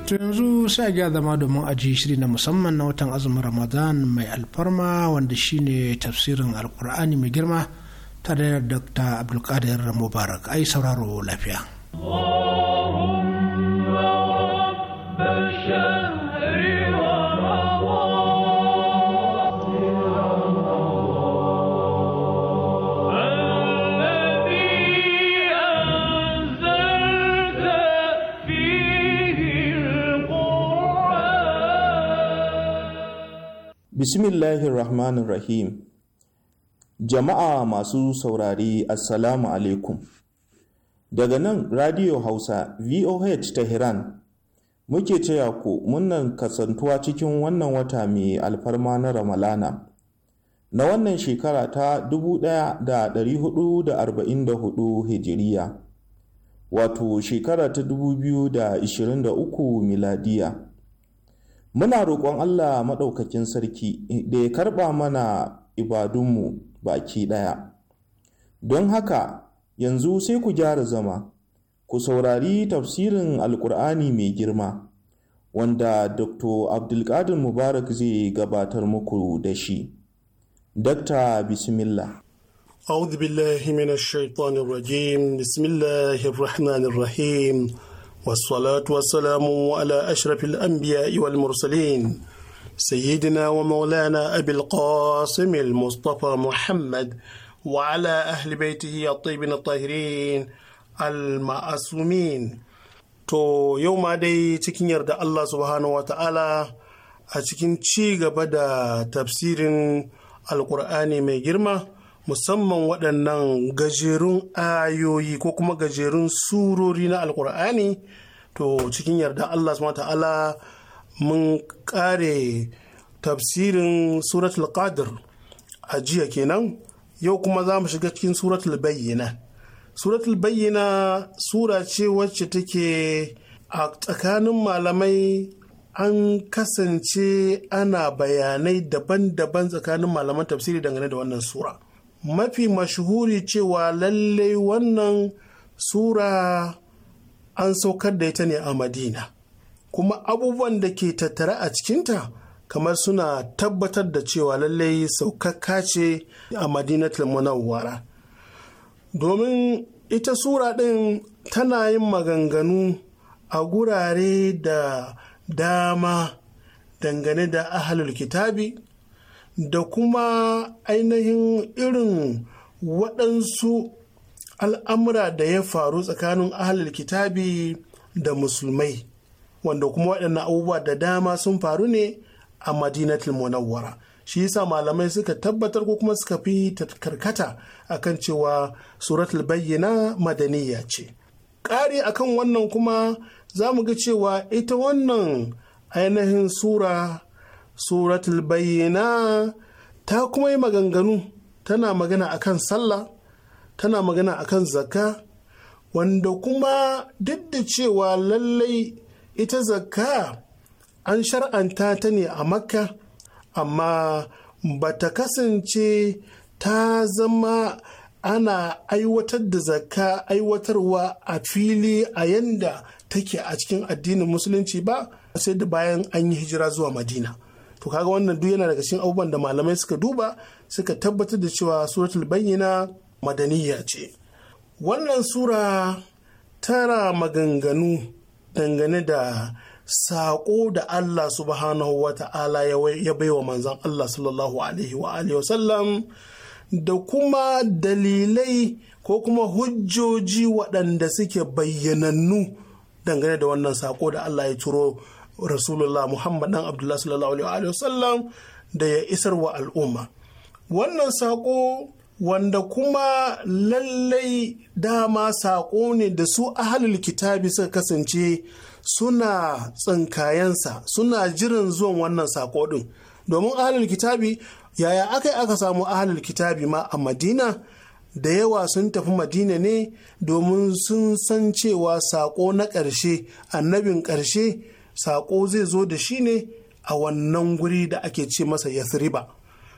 To yanzu sai ga zama domin aji shiri na musamman na watan azumin Ramadan mai alfarma wanda shine tafsirin Alkur'ani mai girma tare da Dr. Abdulkadir Mubarak. Ai sauraro lafiya. Bismillahirrahmanirrahim. Jama'a masu saurari Assalamu alaikum. Daga nan Radio Hausa VOH Tehran muke cewa ku munnan kasantuwa cikin wannan wata mai alfarma na Ramalana. Na wannan shekara ta 1444 Hijiriya, wato shekara ta 2023 miladiya. muna roƙon Allah maɗaukakin sarki eh, da ya karɓa mana ibadunmu baki ɗaya. Don haka yanzu sai ku gyara zama, ku saurari tafsirin alkur'ani mai girma, wanda Dr. Abdulkadir Mubarak zai gabatar muku da shi. Dr. Bismillah. أعوذ بالله من الشيطان الرجيم بسم الله الرحمن الرحيم والصلاة والسلام على أشرف الأنبياء والمرسلين سيدنا ومولانا أبي القاسم المصطفى محمد وعلى أهل بيته الطيبين الطاهرين المعصومين To yau ma dai cikin yarda Allah subhanahu wa ta'ala a cikin ci gaba da tafsirin Alƙur'ani mai girma musamman waɗannan gajerun ayoyi ko kuma gajerun surori na alkur'ani to cikin yarda allah subhanahu ta'ala mun kare tafsirin suratul qadr a jiya kenan yau kuma za mu shiga cikin suratul bayyana suratul bayyana sura ce wacce take a tsakanin malamai an kasance ana bayanai daban-daban tsakanin malaman tafsiri dangane da wannan sura mafi mashuhuri cewa lallai wannan sura an saukar da ita ne a madina kuma abubuwan da ke tattare a cikinta kamar suna tabbatar da cewa lallai saukakka ce a madinatul munawwara domin ita sura ɗin tana yin maganganu a gurare da dama dangane da ahalul kitabi da kuma ainihin irin waɗansu al'amura da ya faru tsakanin ahalar kitabi da musulmai wanda kuma waɗannan abubuwa da dama sun faru ne a madinatul munawwara shi yasa malamai suka tabbatar ko kuma suka fi karkata akan cewa suratul bayyana madaniya ce ƙari akan wannan kuma za mu ga cewa ita wannan ainihin sura suratul bayyana ta kuma yi maganganu tana magana akan sallah tana magana akan zakka wanda kuma duk da cewa lallai ita zakka an shar'anta ta ne a makka amma ba ta kasance ta zama ana aiwatar da zakka aiwatarwa a fili a yanda take a cikin addinin musulunci ba sai da bayan an yi hijira zuwa madina to kaga wannan duk yana daga cikin abubuwan da malamai suka duba suka tabbatar da cewa suratul bayyana madaniya ce wannan sura tara maganganu dangane da saƙo da Allah subhanahu wa ta'ala ya baiwa manzan Allah sallallahu alaihi wa wasallam da kuma dalilai ko kuma hujjoji waɗanda suke bayyanannu dangane da wannan saƙo da Allah ya turo rasulullah muhammad dan abdullahi sallallahu alaihi wasallam da ya isar wa al'umma wannan saƙo wanda kuma lallai dama saƙo ne da su ahalul kitabi suka kasance suna tsinkayensa suna jiran zuwan wannan saƙo ɗin domin ahalul kitabi yaya aka yi aka samu ahalul kitabi ma a madina da yawa sun tafi madina ne domin sun san cewa saƙo na ƙarshe annabin ƙarshe saƙo zai zo da shi ne a wannan guri da ake ce masa yathriba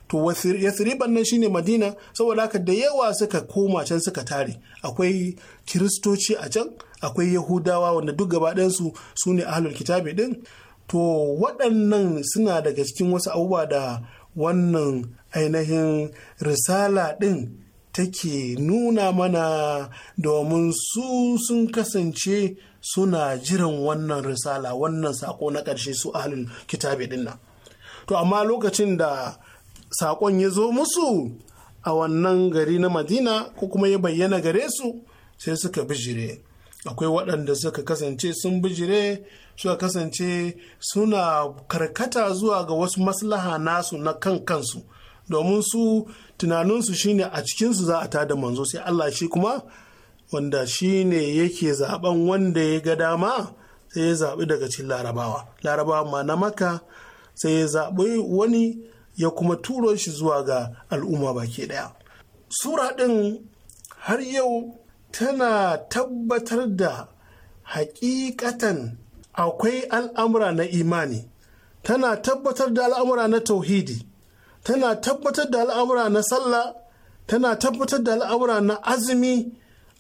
to yathriban nan shine madina saboda haka da yawa suka koma can suka tare akwai kiristoci a can akwai yahudawa wanda duk gaba ɗayansu su ne ahlul kitabi din to waɗannan suna daga cikin wasu abubuwa da wannan ainihin risala ɗin take nuna mana domin su sun kasance suna jiran wannan risala wannan sako na ƙarshe su ahalin kitabe dinnan to amma lokacin da sakon ya zo musu a wannan gari na madina ko kuma ya bayyana gare su sai suka bijire akwai waɗanda suka kasance sun bijire suka kasance suna karkata zuwa ga wasu maslaha nasu na kan kansu domin su tunaninsu shine a cikinsu za a tada manzo sai allah shi kuma wanda shi ne yake zaben wanda ya ga dama sai ya zaɓi daga cikin larabawa larabawa ma na maka sai ya zaɓi wani ya kuma turo shi zuwa ga al'umma baki ɗaya sura ɗin har yau tana tabbatar da hakikatan akwai al'amura na imani tana tabbatar da al'amura na tauhidi tana tabbatar da al'amura na sallah tana tabbatar da al'amura na azumi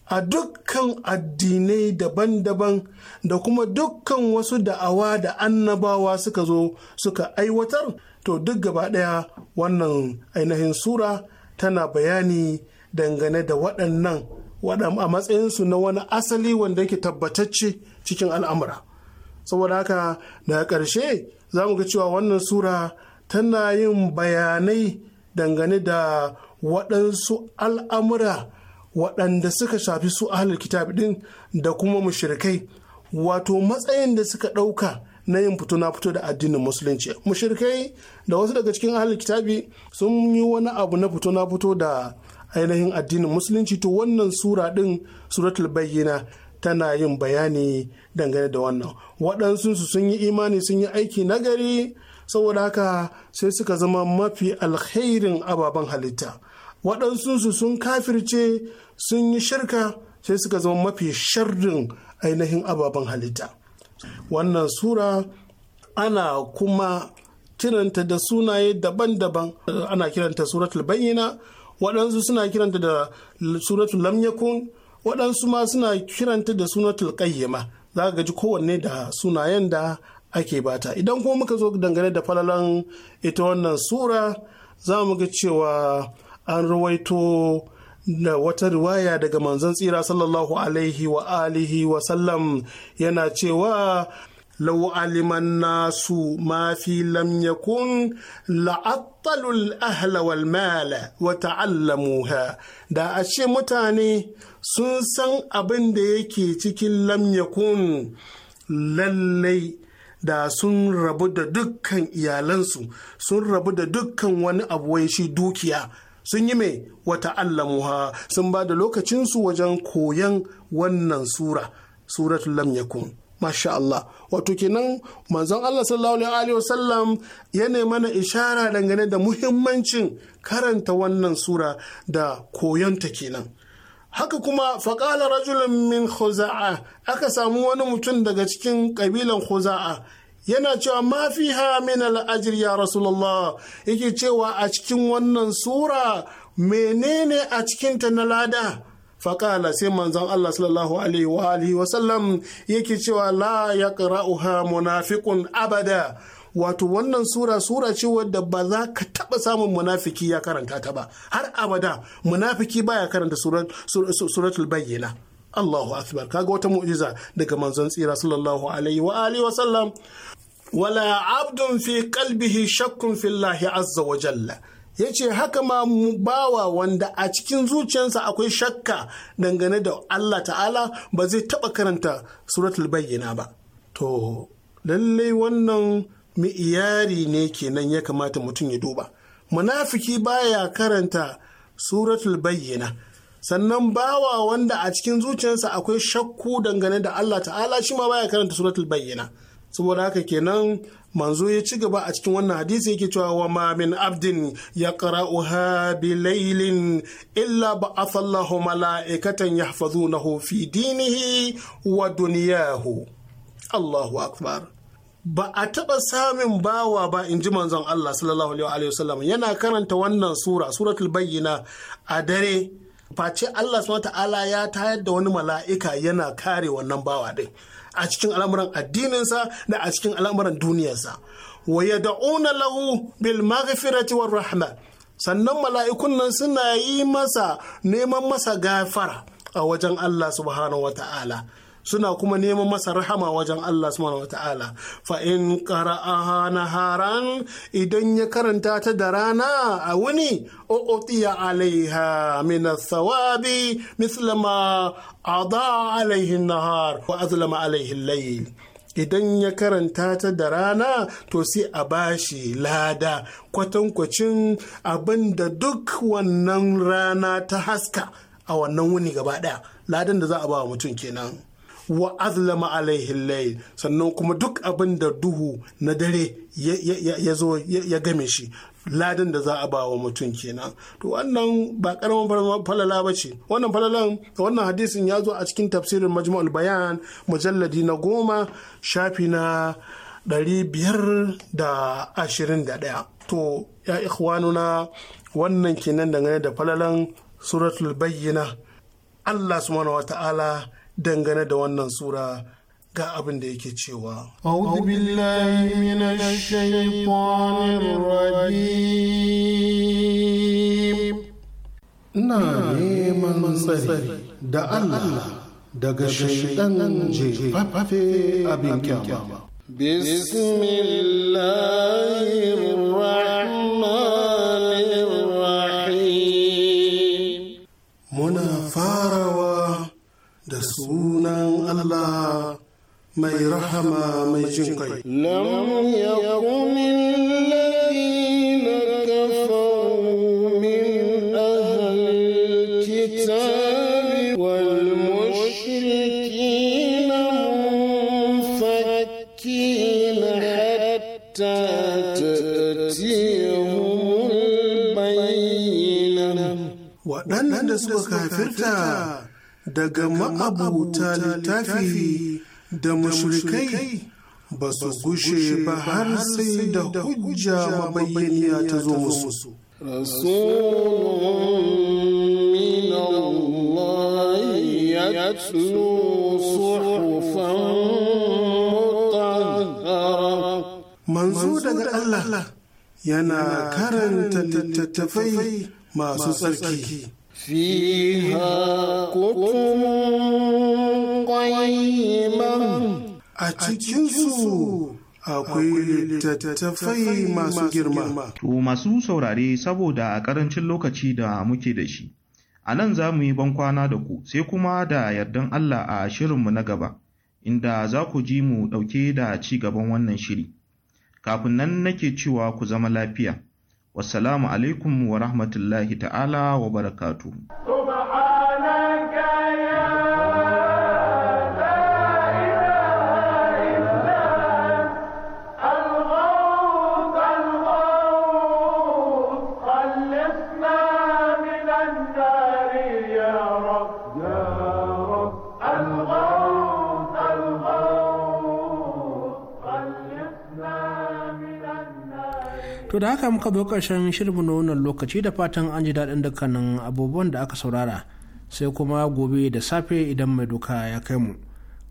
a dukkan addinai daban-daban da kuma dukkan wasu da'awa da annabawa suka zo suka aiwatar to duk gaba ɗaya wannan ainihin sura tana bayani dangane da waɗannan waɗan a matsayinsu na wani asali wanda yake tabbatacce cikin al'amura saboda haka daga ƙarshe za mu ga cewa wannan sura tana yin bayanai dangane da waɗansu al'amura waɗanda suka shafi su ahlul kitab ɗin da kuma mushrikai wato matsayin da suka ɗauka na yin fito na fito da addinin musulunci mushrikai da wasu daga cikin ahalar kitabi sun yi wani abu na fito na fito da ainihin addinin musulunci to wannan sura ɗin suratul bayyana tana yin bayani dangane da wannan waɗansu sun yi imani sun yi aiki nagari saboda haka sai suka zama mafi alkhairin ababen halitta waɗansunsu sun kafirce sun yi shirka sai suka zama mafi sharrin ainihin ababen halitta wannan sura ana kuma kiranta da sunaye daban-daban ana kiranta suratul bayyina waɗansu suna kiranta da suratul lamyakun waɗansu ma suna kiranta da suratul ƙayyama za ka gaji kowanne da sunayen da ake bata idan kuma muka zo dangane da falalan ita wannan sura za mu ga cewa an ruwaito da wata riwaya daga manzon tsira sallallahu alaihi wa alihi wa sallam yana cewa law aliman nasu ma fi lam yakun la'attalu al-ahla wal mala da a ce mutane sun san abin da yake cikin lam lallai da sun rabu da dukkan iyalansu sun rabu da dukkan wani abu shi dukiya sun yi mai wata allamuha sun ba da lokacinsu wajen koyan wannan sura suratul lam yakun masha Allah wato kenan manzon Allah sallallahu alaihi wasallam ya mana ishara dangane da muhimmancin karanta wannan sura da koyon ta kenan haka kuma faqala rajulun min khuza'a aka samu wani mutum daga cikin kabilan khuza'a yana cewa mafi fiha min al'ajir ya rasulullah yake cewa a cikin wannan sura menene a cikinta na lada faƙala sai manzon Allah sallallahu alaihi wa alihi wasallam yake cewa la ya munafiqun abada wato wannan sura sura ce wadda ba za ka taɓa samun munafiki ya karanta ta ba har abada munafiki baya karanta suratul bayyana. Allahu akbar kaga wata mu'jiza daga manzon tsira sallallahu alaihi wa alihi wa sallam wala abdun fi kalbihi shakkun fillahi azza wa jalla ya ce haka ma bawa wanda a cikin zuciyarsa akwai shakka dangane da Allah ta'ala ba zai taɓa karanta suratul bayyana ba to lallai wannan mi'iyari ne kenan ya kamata mutum ya duba munafiki baya karanta suratul bayyana sannan bawa wanda a cikin zuciyarsa akwai shakku dangane da Allah ta'ala shi ma baya karanta suratul bayyana saboda haka kenan manzo ya ci gaba a cikin wannan hadisi yake cewa wa ma min abdin ya qara'uha bi laylin illa a mala'ikatan yahfazunahu fi dinihi wa dunyahu Allahu akbar ba a taɓa samun bawa ba in ji manzon Allah sallallahu alaihi wasallam yana karanta wannan sura suratul bayyina a dare face Allah subhanahu ta'ala ya tayar da wani mala'ika yana kare wannan bawa dai. a cikin al'amuran addininsa da a cikin al'amuran duniyarsa wa yad'una lahu bil maghfirati war rahma sannan mala'ikun nan suna yi masa neman masa gafara a wajen Allah subhanahu wata'ala ta'ala suna kuma neman masa rahama wajen Allah subhanahu wata'ala fa in qara'aha naharan idan ya karanta ta da rana a wuni uqtiya alaiha min thawabi misla ma ada alaihi nahar wa azlama alaihi layl idan ya karanta ta da rana to sai a bashi lada kwatankwacin abin da duk wannan rana ta haska a wannan wuni gaba daya ladan da za a ba mutum kenan wa azlama alaihi layl sannan kuma duk abin da duhu na dare ya zo ya game shi Ladin da za a ba wa mutum kenan to wannan ba karamin falala ba ce wannan falalan wannan hadisin ya zo a cikin tafsirin majmu'ul bayan mujalladi na goma shafi na 521 to ya ikhwanuna wannan kenan dangane da falalan suratul bayyana Allah subhanahu Ta'ala. dangane da wannan sura ga abin da yake cewa. Ina neman tsari da Allah daga shaidan jefafe abin kyama. Bismillahirrahmanirrahim Allah mai rahama mai jin kai. Lam yakunin lalina kafaru min ahalil kitabi wal mushrikin munfakin hatta tatiyahum bayyana. Waɗannan da suka kafirta daga ma'abuta littafi da mashirikai ba su gushe ba har sai da hujja mabayyaniya ta zo musu. Manzo daga Allah yana karanta littattafai masu tsarki. fiha a cikin akwai littattafai masu girma to masu saurare saboda a karancin lokaci da muke da shi a nan za mu yi bankwana da ku sai kuma da yardan Allah a shirinmu na gaba inda za ku ji mu ɗauke da ci gaban wannan shiri kafin nan nake cewa ku zama lafiya Wasalamu alaikum wa rahmatullahi ta'ala wa barakatuhu. To da haka muka zo karshen shirin na wannan lokaci da fatan an ji daɗin dukkanin abubuwan da aka saurara sai kuma gobe da safe idan mai doka ya kai mu.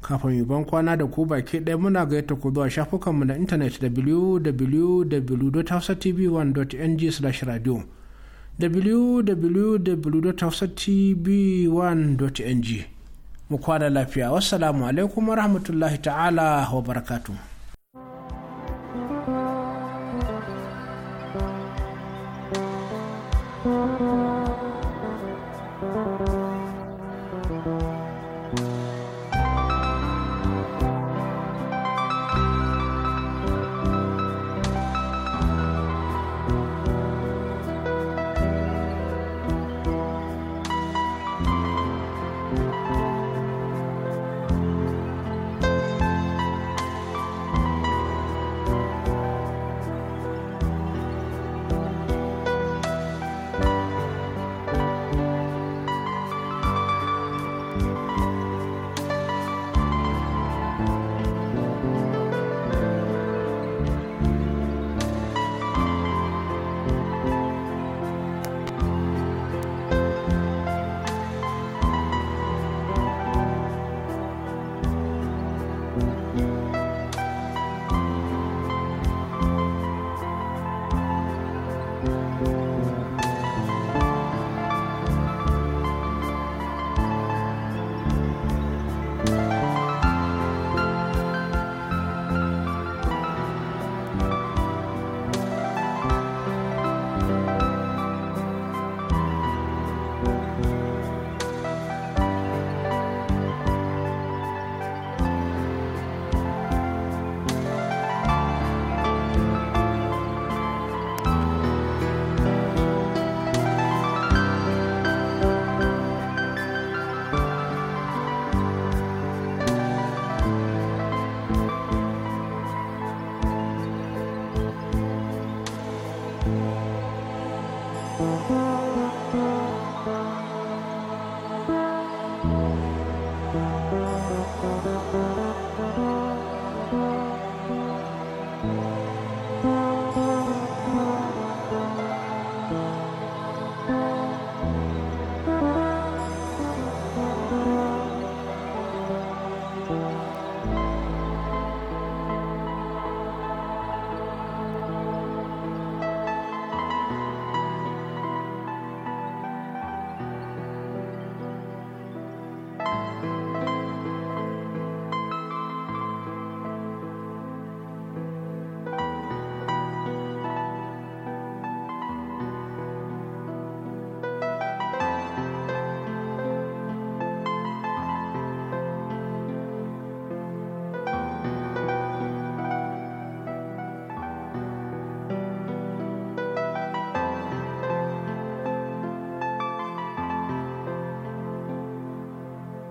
Kafin ban kwana da ku baki ɗaya muna gayyata ku zuwa shafukanmu na intanet www.hausatv1.ng/radio www.hausatv1.ng mu kwana lafiya wassalamu alaikum warahmatullahi ta'ala wa barakatuh